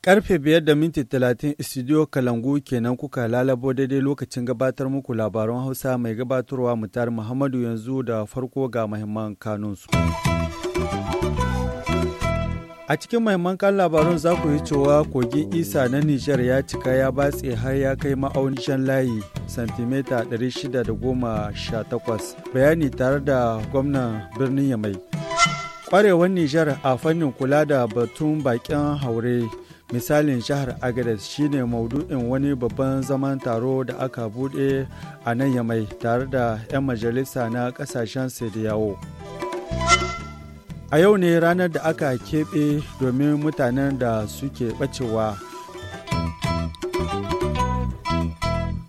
Karfe biyar da minti talatin studio Kalangu kenan kuka lalabo daidai lokacin gabatar muku labaran Hausa mai gabatarwa mutar Muhammadu yanzu da farko ga mahimman kanunsu. A cikin mahimman kan labarun za ku yi cewa kogin Isa na Nijar ya cika ya batse har ya kai ma'aunishan layi santimeta 618 bayani tare da gwamnan birnin Yamai. Kwarewar Nijar a fannin kula da batun bakin haure misalin jihar Agadez shine maudu'in wani babban zaman taro da aka bude a nan Yamai tare da 'yan majalisa na kasashen Sediyawo. yawo. A yau ne ranar da aka keɓe domin mutanen da suke ɓacewa.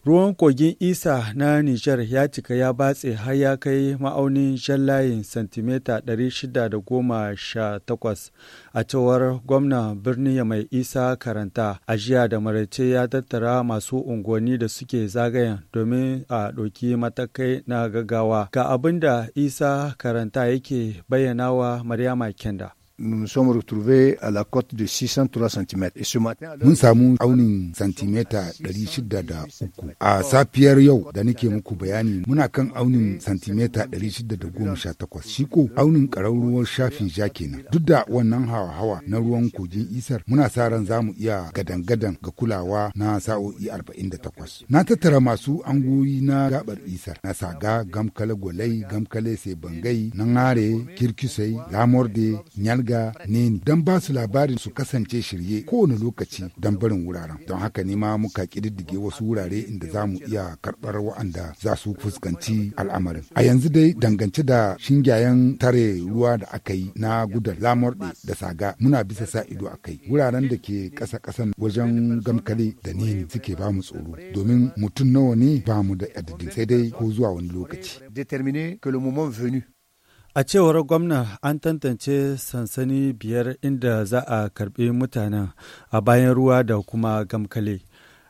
Ruwan kogin Isa na Nijar ya cika ya batse har ya kai ma'aunin jan layin santimeta 618 a cewar gwamna birnin mai Isa Karanta. A jiya da maraice ya tattara masu unguwanni da suke zagayen domin a ɗauki matakai na gaggawa. Ga abin da Isa Karanta yake bayyana wa Maryama Kenda. nous nous sommes retrouvés la cote de 603 cm. Et ce mun samu aunin santimeta uku A safiyar yau da nake muku bayani muna kan aunin santimeta 618 shi ko aunin ƙararruwar shafin ja kenan. Duk da wannan hawa-hawa na ruwan kogin isar muna sa ran zamu iya gadan-gadan ga kulawa na sa'o'i 48. Na tattara masu angoyi na gabar isar na saga gamkale gwalai gamkale sai bangai na kirkisai lamorde nyal zirga ne ne don ba su labarin su kasance shirye kowane lokaci don barin wuraren don haka ne ma muka kididdige wasu wurare inda za mu iya karɓar wa'anda za su fuskanci al'amarin a yanzu dai dangance da shingayen tare ruwa da aka yi na gudan lamurɗe da saga muna bisa sa ido a kai wuraren da ke ƙasa ƙasan wajen gamkale da ne suke ba mu tsoro domin mutum nawa ne ba mu da adadin sai dai ko zuwa wani lokaci A cewar gwamna an tantance sansani biyar inda za a karɓi mutanen a bayan ruwa da kuma gamkale.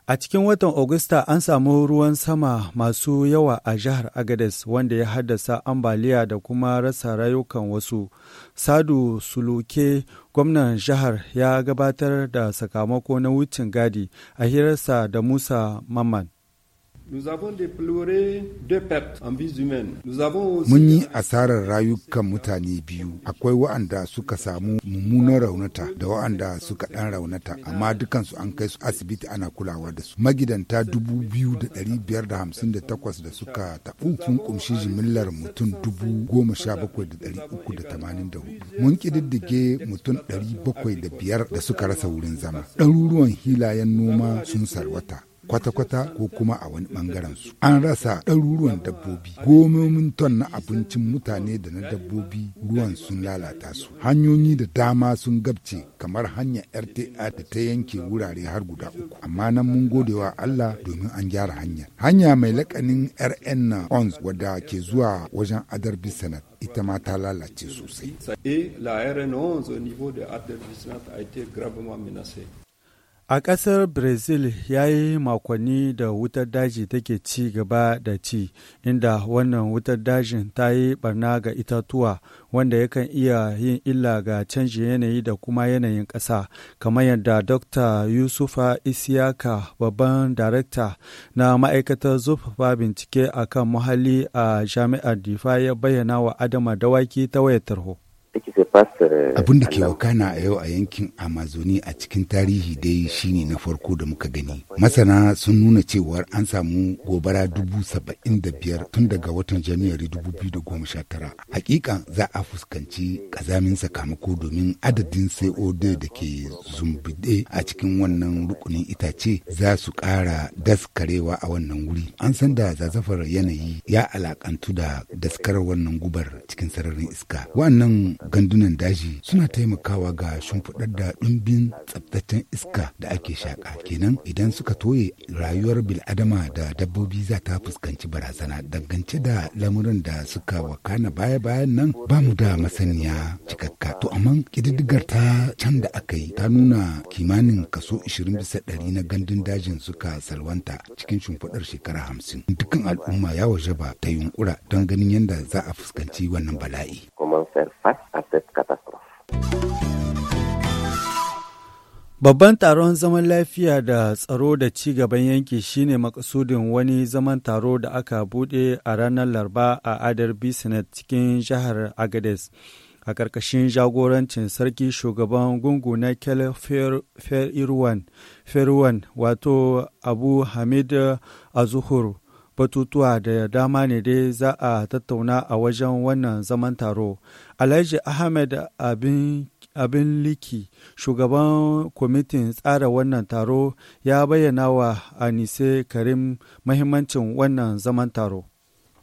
A cikin watan Agusta an samu ruwan sama masu yawa a jihar Agades wanda ya haddasa ambaliya da kuma rasa rayukan wasu. Sadu Suluke, gwamnan jihar ya gabatar da sakamako na wucin gadi a hirarsa da Musa Maman. Mun yi asarar rayukan mutane biyu, akwai wa'anda suka samu mummunan raunata da wa'anda suka ɗan raunata, amma dukansu an kai su asibiti ana kulawa da su. Magidanta dubu biyu da dari biyar da hamsin da takwas da suka taɓu sun ƙumshi jimillar mutum dubu goma sha bakwai da dari uku da tamanin da hudu. Mun ƙididdige mutum dari bakwai da biyar da suka rasa wurin zama. Ɗaruruwan hilayen noma sun sarwata. kwata-kwata ko kuma a wani bangaren su an rasa ɗaruruwan dabbobi gomomin ton na abincin mutane da na dabbobi ruwan sun lalata su hanyoyi da dama sun gabce kamar hanyar rta da ta yanke wurare har guda uku amma nan mun gode wa allah domin an gyara hanyar hanya mai lakanin rn na ons wadda ke zuwa wajen adar bisanat ita ma ta lalace sosai. A ƙasar Brazil ya yi makonni da wutar daji take ci gaba da ci, inda wannan wutar dajin ta yi barna ga itatuwa wanda yakan iya yin illa ga canjin yanayi da kuma yanayin ƙasa, kamar yadda Dr. Yusufa Isiaka, babban darakta na ma'aikatar zurfafa bincike akan muhalli a jami'ar Difa ya bayyana wa Adama Dawaki ta wayar tarho. abin da ke wakana a yau a yankin amazoni a cikin tarihi dai shine na farko da muka gani masana sun nuna cewar an samu gobara dubu saba'in da biyar tun daga watan janairu dubu biyu da goma sha tara hakika za a fuskanci kazamin sakamako domin adadin co2 da ke zumbide a cikin wannan rukunin itace za su kara daskarewa a wannan wuri an san da zazafar yanayi ya alakantu da daskarar wannan gubar cikin sararin iska wannan gandunan daji suna taimakawa ga shimfiɗar da ɗumbin tsabtaccen iska da ake shaƙa kenan idan suka toye rayuwar bil'adama da dabbobi za ta fuskanci barazana dangance da lamurin da suka wakana baya-bayan nan ba mu da masaniya cikakka to amma ƙididdigar ta can da aka yi ta nuna kimanin kaso 20 bisa ɗari na gandun dajin suka salwanta cikin shimfiɗar shekara hamsin dukkan al'umma ya waje ba ta yunkura don ganin yadda za a fuskanci wannan bala'i. Babban taron zaman lafiya da tsaro da ci gaban yanki shine makasudin wani zaman taro da aka bude a ranar Larba a Adar Bisnet cikin jihar Agades. A ƙarƙashin jagorancin sarki shugaban gungu na Kel Ferwan, wato Abu Hamid Azuhur. batutuwa da dama ne dai za a tattauna a wajen wannan zaman taro. Alhaji Ahmed abin liki shugaban kwamitin tsara wannan taro ya bayyana wa anise karim mahimmancin wannan zaman taro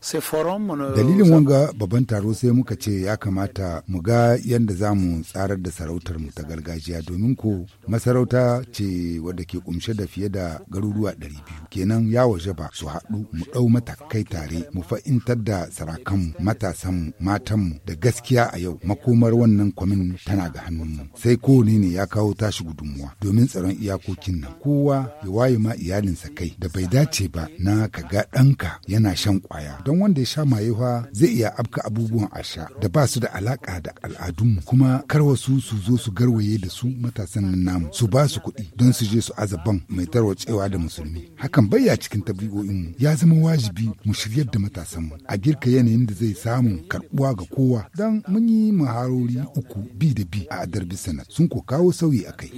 Dalilin wanga babban taro sai muka ce ya kamata mu ga yadda za mu tsarar da sarautar mu ta gargajiya domin ko masarauta ce wadda ke kumshe da fiye da garuruwa 200 kenan ya waje ba su haɗu mu ɗau matakai tare mu fa'intar da sarakanmu matasanmu matanmu da gaskiya a yau makomar wannan kwamin tana ga hannunmu sai kowane ne ya kawo tashi gudunmuwa domin tsaron iyakokin nan kowa ya waye ma iyalinsa kai da bai dace ba na ka ga ɗanka yana shan ƙwaya don wanda ya sha mayewa zai iya afka abubuwan asha da ba su da alaka da al'adunmu kuma kar wasu su zo su garwaye da su matasan nan namu su ba su kuɗi don su je su azaban mai tarwatsewa da musulmi hakan bayya cikin tabi'o'inmu ya zama wajibi mu shiryar da matasanmu a girka yanayin da zai samu karɓuwa ga kowa don mun yi muharori uku bi da bi a adar bisanar sun ko kawo sauyi a kai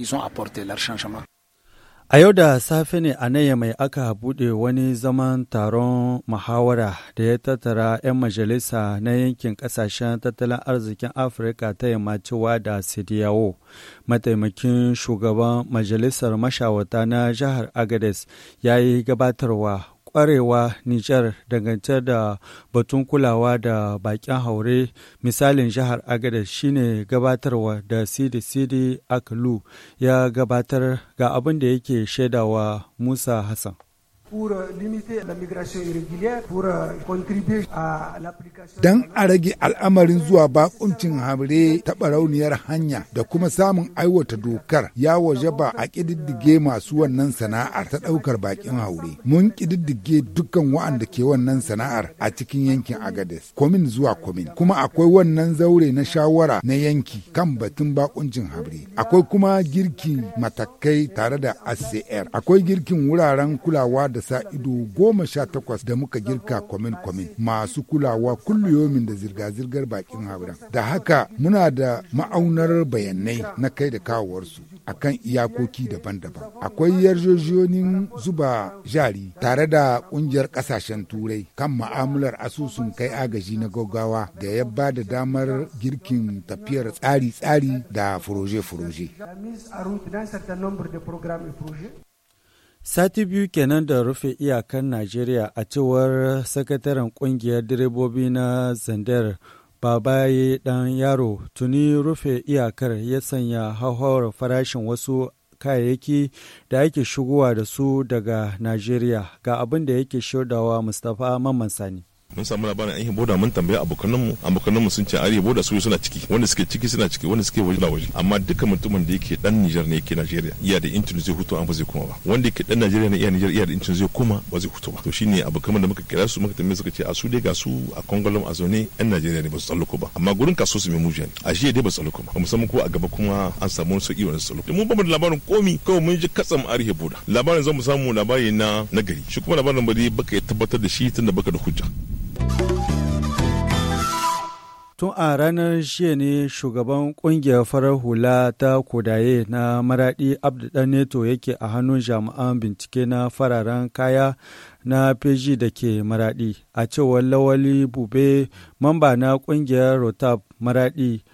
A yau da safe ne a nan mai aka buɗe wani zaman taron muhawara da ya tattara 'yan majalisa na yankin ƙasashen tattalin arzikin Afirka ta yamma cewa da Sidiyawo. Mataimakin shugaban majalisar mashawata na jihar Agades ya yi gabatarwa kwarewa Nijar dangantar da batun kulawa da bakin haure misalin jihar Agada shine gabatarwa da Sidi Aklu ya gabatar ga abin da yake shaidawa Musa Hassan. pour euh, limiter la migration irrégulière, pour euh, contribuer à l'application. Dan a rage al'amarin zuwa bakuncin habre ta barauniyar hanya da kuma samun aiwata dokar ya waje ba a ƙididdige masu wannan sana'ar ta ɗaukar bakin haure. Mun ƙididdige dukkan wa'anda ke wannan sana'ar a cikin yankin Agades, komin zuwa komin. Kuma akwai wannan zaure na shawara na yanki kan batun bakuncin habre. Akwai kuma girkin matakai tare da ACR. Akwai girkin wuraren kulawa da sa ido goma sha takwas da muka girka kwamin kwamin masu kulawa yomin da zirga-zirgar bakin hauren. Da haka muna da ma'aunar bayanai na kai da kawowarsu a kan iyakoki daban-daban. Akwai yarjejiyonin zuba jari tare da kungiyar kasashen turai kan ma'amular asusun kai agaji na gaggawa da ya ba da damar girkin tafiyar tsari-tsari da furoje-furoje. Sati biyu kenan da rufe iyakan Najeriya a cewar sakataren kungiyar direbobi na Zandar Babaye Dan Yaro tuni rufe iyakar ya sanya hauhawar farashin wasu kayayyaki da ake shigowa da su daga Najeriya ga abin da yake shirdawa Mustapha Mamman Sani. mun samu labarin an boda mun tambaya abokanan mu abokanan mu sun ce ariya boda su suna ciki wanda suke ciki suna ciki wanda suke waje na waje amma duka mutumin da yake dan Nijar ne yake Najeriya iya da intin zai hutu an ba zai kuma ba wanda yake dan Najeriya ne iya Nijar iya da intin zai kuma ba zai hutu ba to shine abokanan da muka kira su muka tambaye suka ce a su dai ga su a Kongolom a zone yan Najeriya ne ba su tsallako ba amma gurin kaso su mai mujiya ne a shi dai ba su tsallako ba san ko a gaba kuma an samu wasu iya wani tsallako mun ba mu da labarin komi kawai mun ji katsam ariya boda labarin zan mu samu labari na nagari shi kuma labarin ba dai baka tabbatar da shi tunda baka da hujja Tun a ranar shiya ne shugaban kungiyar farar hula ta kodaye na maradi abdudan neto yake a hannun jami'an bincike na fararen kaya na feji da ke maradi a cewar lawali bube mamba na kungiyar rotab maradi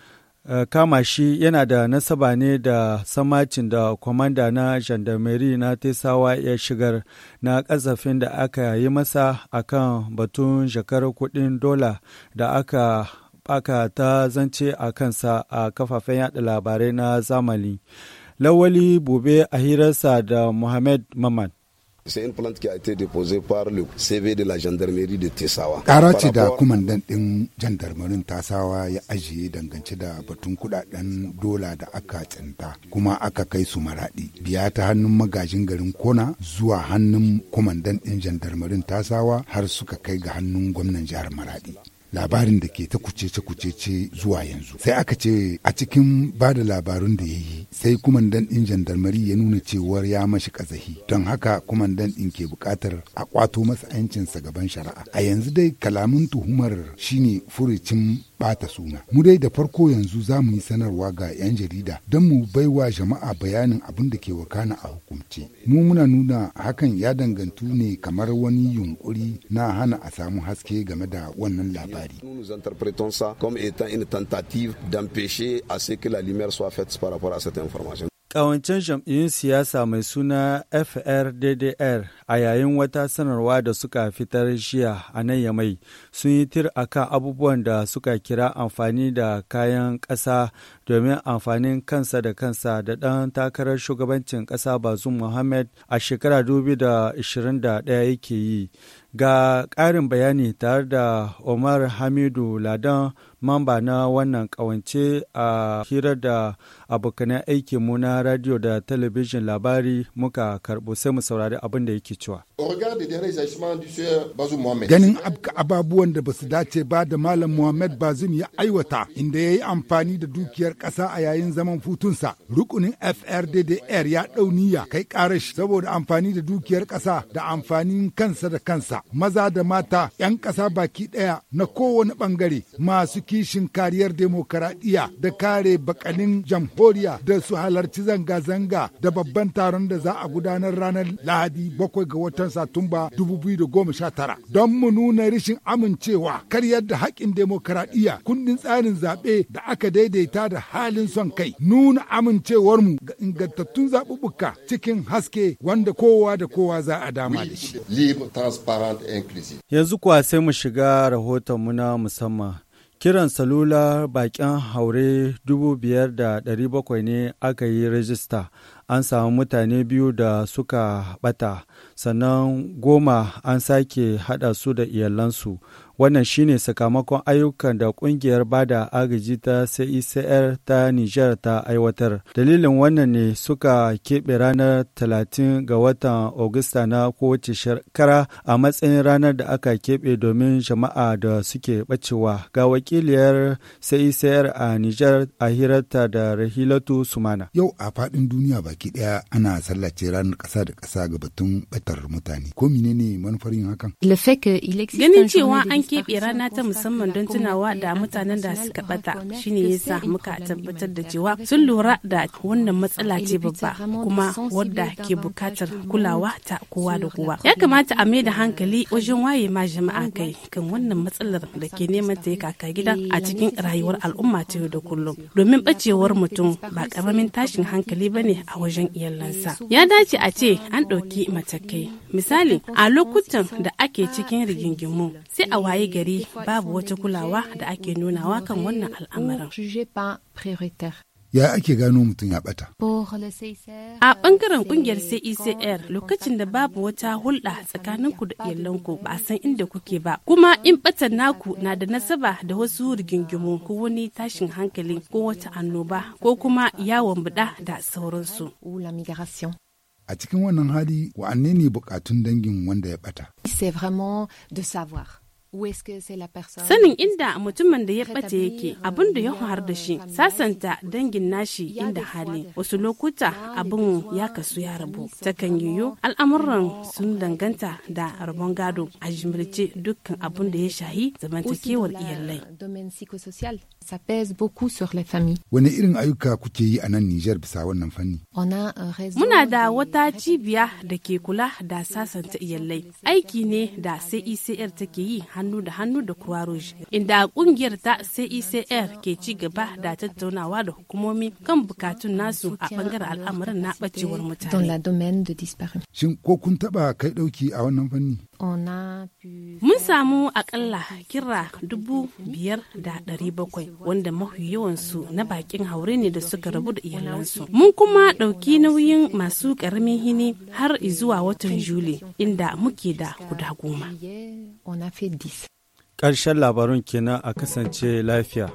Eh, kama shi yana da nasaba ne da samacin da kwamanda na gendarmerie na tesawa ya shigar na kasafin da aka yi masa a kan batun jakar kudin dola da aka ɓaka ta zance a kansa a kafafen yada labarai na zamani lawali bube a hirarsa da muhammad mamad. C'est une plainte qui a été déposée par le CV de la gendarmerie de Tessawa. Kara da kumandan ɗin gendarmerin Tasawa ya ajiye dangance da batun kudaden dola da aka tsinta kuma aka kai su maraɗi. Biya ta hannun magajin garin Kona zuwa hannun kumandan ɗin gendarmerin Tasawa har suka kai ga hannun gwamnan jihar Maradi. labarin da ke ta kucece kucece zuwa yanzu sai aka ce a cikin ba da labarun da ya yi sai kumandan ɗin jandarmari ya nuna cewar ya mashi kazahi don haka kumandan ɗin ke buƙatar a kwato masa 'yancinsa gaban shari'a a yanzu dai kalamin tuhumar shine furicin bata suna. Mu dai da farko yanzu za mu yi sanarwa ga 'yan jarida don mu baiwa jama'a bayanin abin da ke wakana a hukumce. Mu muna nuna hakan ya dangantu ne kamar wani yunkuri na hana a samu haske game da wannan labarin. tsari. Nous jam'iyyun siyasa mai suna FRDDR a yayin wata sanarwa da suka fitar jiya a nan yamai sun yi tir a kan abubuwan da suka kira amfani da kayan ƙasa domin amfanin kansa da kansa da ɗan takarar shugabancin ƙasa Bazum Mohammed a shekara 2021 yake yi. Ga ƙarin bayani tare da Omar Hamidu Ladan mamba na wannan ƙawance a hirar da abokanan aikinmu na radio da talabijin labari muka karɓo sai mu saurari abin da yake cewa. Ganin abka ababuwan da basu dace ba da Malam Muhammad Bazum ya aiwata inda ya yi amfani da dukiyar ƙasa a yayin zaman futunsa. Rukunin FRDDR ya ɗau niyya kai ƙarash saboda amfani da dukiyar ƙasa da amfanin kansa da kansa. Maza da mata 'yan ƙasa baki ɗaya na kowane ɓangare masu kishin kariyar demokaradiyya da kare bakalin jamhuriya da su halarci zanga-zanga da babban taron da za a gudanar ranar Lahadi bakwai ga watan watan Satumba 2019 don mu nuna rashin amincewa kar yadda haƙƙin demokaradiyya kundin tsarin zaɓe da aka daidaita da halin son kai nuna amincewar mu ga ingantattun zaɓuɓɓuka cikin haske wanda kowa da kowa za a dama da shi. Yanzu kuwa sai mu shiga rahoton na musamman. Kiran salula bakin haure 5,700 ne aka yi rajista an samu mutane biyu da suka bata sannan goma an sake hada su da iyalansu wannan shine sakamakon ayyukan da kungiyar bada agaji ta cicr e ta niger ta aiwatar dalilin wannan ne suka keɓe ranar 30 ga watan augusta na kowace shekara a matsayin ranar da aka keɓe domin jama'a da suke bacewa ga wakiliyar cicr e a niger a hirarta da rahilatu sumana yau a faɗin duniya baki baki daya ana sallace ranar kasa da kasa ga batun batar mutane ko menene manufar yin hakan ganin cewa an keɓe rana ta musamman don tunawa da mutanen da suka bata shine yasa muka tabbatar da cewa sun lura da wannan matsala ce babba kuma wadda ke bukatar kulawa ta kowa da kowa ya kamata a mai da hankali wajen waye ma jama'a kai kan wannan matsalar da ke neman ta yi kaka gida a cikin rayuwar al'umma ta yau da kullum domin bacewar mutum ba karamin tashin hankali bane a wajen wajen iyalansa ya dace a ce an ɗauki matakai misali a lokutan da ake cikin rigingimu sai a waye gari babu wata kulawa da ake nunawa kan wannan al'amarin ya ake gano mutum ya bata. A bangaren kungiyar CECR lokacin da babu wata hulɗa tsakanin ku da iyalanku ba a san inda kuke ba. Kuma in batan naku na da nasaba da wasu rigingimu ko wani tashin hankali ko wata annoba ko kuma yawon buɗa da sauransu. a cikin wannan hali wa'anne ne bukatun dangin wanda ya bata. Sanin inda mutumin da ya ɓace yake abin da euh, ya har da shi sasanta dangin nashi inda hali wasu lokuta abin ya kasu ya rabu takan yiwu al'amuran sun danganta da rabon gado a jimirce dukkan abin da ya shahi zamantakewar iyalai. Wani irin ayyuka kuke yi a nan Nijar bisa wannan fanni? Muna da wata cibiya da ke kula da sasanta iyalai aiki ne da CICR take yi har hannu da hannu da croix rouge inda kungiyar ta CICR ke ci gaba da tattaunawa da hukumomi kan bukatun nasu a bangaren al'amuran na bacewar mutane. Shin ko kun taba kai dauki a wannan fanni? Mun samu akalla kira dubu biyar da ɗari bakwai wanda mafi yawansu na bakin haure ne da suka rabu da iyalansu. Mun kuma ɗauki nauyin masu ƙaramin hini har zuwa watan Juli inda muke da guda goma. Ƙarshen labarun kenan a kasance lafiya.